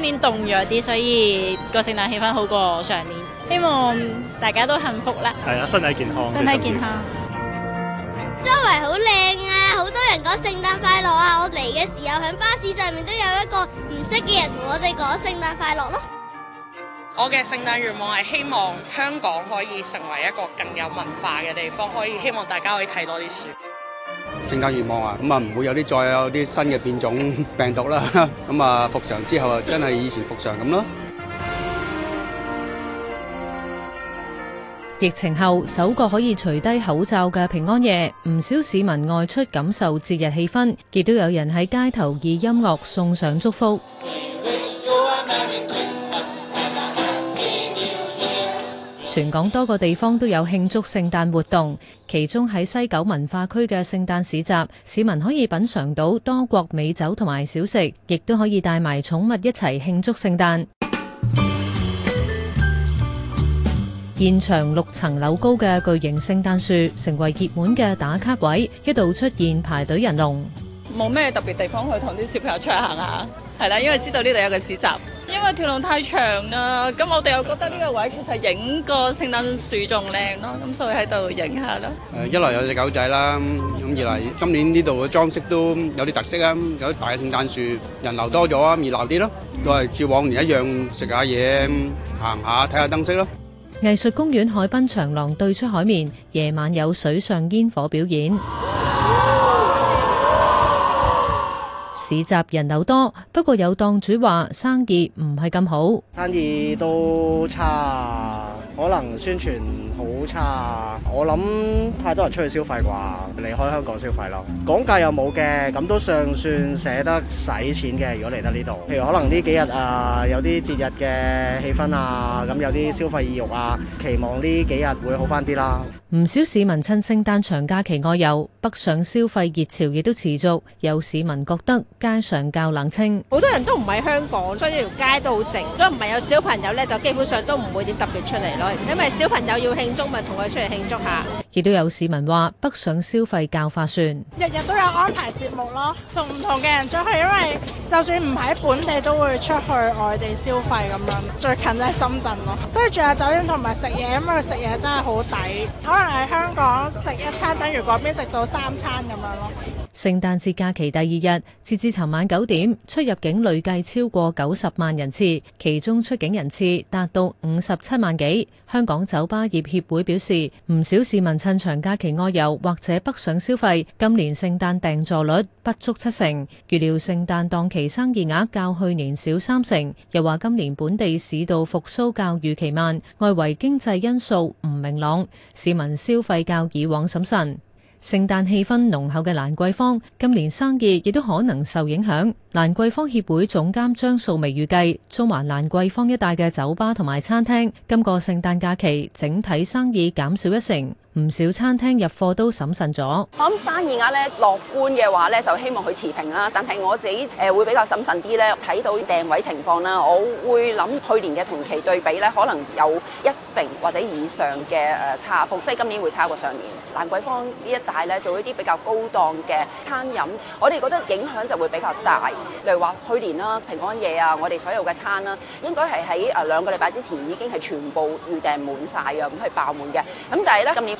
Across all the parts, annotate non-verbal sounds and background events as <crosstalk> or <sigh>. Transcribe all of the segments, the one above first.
今年凍咗啲，所以個聖誕氣氛好過上年。希望大家都幸福啦。係啊，身體健康。身體健康。周圍好靚啊！好多人講聖誕快樂啊！我嚟嘅時候喺巴士上面都有一個唔識嘅人同我哋講聖誕快樂咯。我嘅聖誕願望係希望香港可以成為一個更有文化嘅地方，可以希望大家可以睇多啲書。聖誕願望啊，咁啊唔會有啲再有啲新嘅變種病毒啦。咁啊復常之後啊，真係以前復常咁咯。疫情後首個可以除低口罩嘅平安夜，唔少市民外出感受節日氣氛，亦都有人喺街頭以音樂送上祝福。全港多個地方都有慶祝聖誕活動，其中喺西九文化區嘅聖誕市集，市民可以品嚐到多國美酒同埋小食，亦都可以帶埋寵物一齊慶祝聖誕。 <music> 現場六層樓高嘅巨型聖誕樹成為熱門嘅打卡位，一度出現排隊人龍。冇咩特別地方去同啲小朋友出去行下，係啦，因為知道呢度有個市集。因為條龍太長啦，咁我哋又覺得呢個位其實影個聖誕樹仲靚咯，咁所以喺度影下咯。誒，一來有隻狗仔啦，咁二嚟今年呢度嘅裝飾都有啲特色啊，有啲大聖誕樹，人流多咗啊，熱鬧啲咯。都係似往年一樣食下嘢，行下睇下燈飾咯。藝術公園海濱長廊對出海面，夜晚有水上煙火表演。市集人流多，不過有檔主話生意唔係咁好，生意都差，可能宣傳好差，我諗太多人出去消費啩，離開香港消費咯，講價又冇嘅，咁都尚算捨得使錢嘅。如果嚟得呢度，譬如可能呢幾日啊有啲節日嘅氣氛啊，咁有啲消費意欲啊，期望呢幾日會好翻啲啦。唔少市民趁聖誕長假期外遊。北上消費熱潮亦都持續，有市民覺得街上較冷清，好多人都唔喺香港，所以條街都好靜。如果唔係有小朋友咧，就基本上都唔會點特別出嚟咯，因為小朋友要慶祝咪同佢出嚟慶祝下。亦都有市民話北上消費較划算，日日都有安排節目咯，同唔同嘅人出去，因為就算唔喺本地都會出去外地消費咁樣，最近就係深圳咯，跟住住下酒店同埋食嘢，咁啊食嘢真係好抵，可能喺香港食一餐等於嗰邊食到，三餐咁樣咯。聖誕節假期第二日，截至尋晚九點，出入境累計超過九十萬人次，其中出境人次達到五十七萬幾。香港酒吧業協會表示，唔少市民趁長假期外遊或者北上消費。今年聖誕訂座率不足七成，預料聖誕檔期生意額較去年少三成。又話今年本地市道復蘇較預期慢，外圍經濟因素唔明朗，市民消費較以往審慎。聖誕氣氛濃厚嘅蘭桂坊今年生意亦都可能受影響。蘭桂坊協會總監張素薇預計，中環蘭桂坊一帶嘅酒吧同埋餐廳，今個聖誕假期整體生意減少一成。唔少餐廳入貨都審慎咗。我諗生意額咧樂觀嘅話咧，就希望佢持平啦。但係我自己誒、呃、會比較審慎啲咧，睇到訂位情況啦，我會諗去年嘅同期對比咧，可能有一成或者以上嘅誒差幅，即係今年會差過上年。蘭桂坊呢一帶咧做一啲比較高檔嘅餐飲，我哋覺得影響就會比較大。例如話去年啦，平安夜啊，我哋所有嘅餐啦，應該係喺誒兩個禮拜之前已經係全部預訂滿晒嘅，咁係爆滿嘅。咁但係咧今年。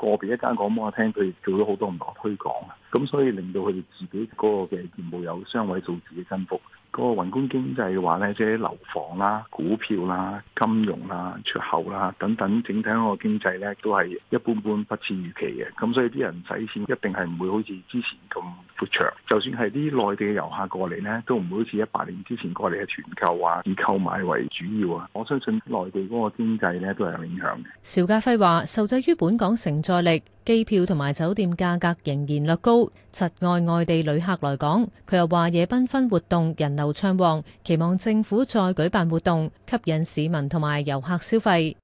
個別一間廣播廳，佢做咗好多唔同推廣，咁所以令到佢哋自己嗰個嘅業務有雙位數字嘅增幅。個宏觀經濟嘅話呢即係樓房啦、股票啦、金融啦、出口啦等等，整體嗰個經濟咧都係一般般，不似預期嘅。咁所以啲人使錢一定係唔會好似之前咁闊綽。就算係啲內地嘅遊客過嚟呢，都唔會好似一八年之前過嚟嘅團購啊，以購買為主要啊。我相信內地嗰個經濟咧都係有影響嘅。邵家輝話：受制於本港承載力，機票同埋酒店價格仍然略高。窒礙外地旅客來港。佢又話：夜繽紛活動人。劉暢旺期望政府再舉辦活動，吸引市民同埋遊客消費。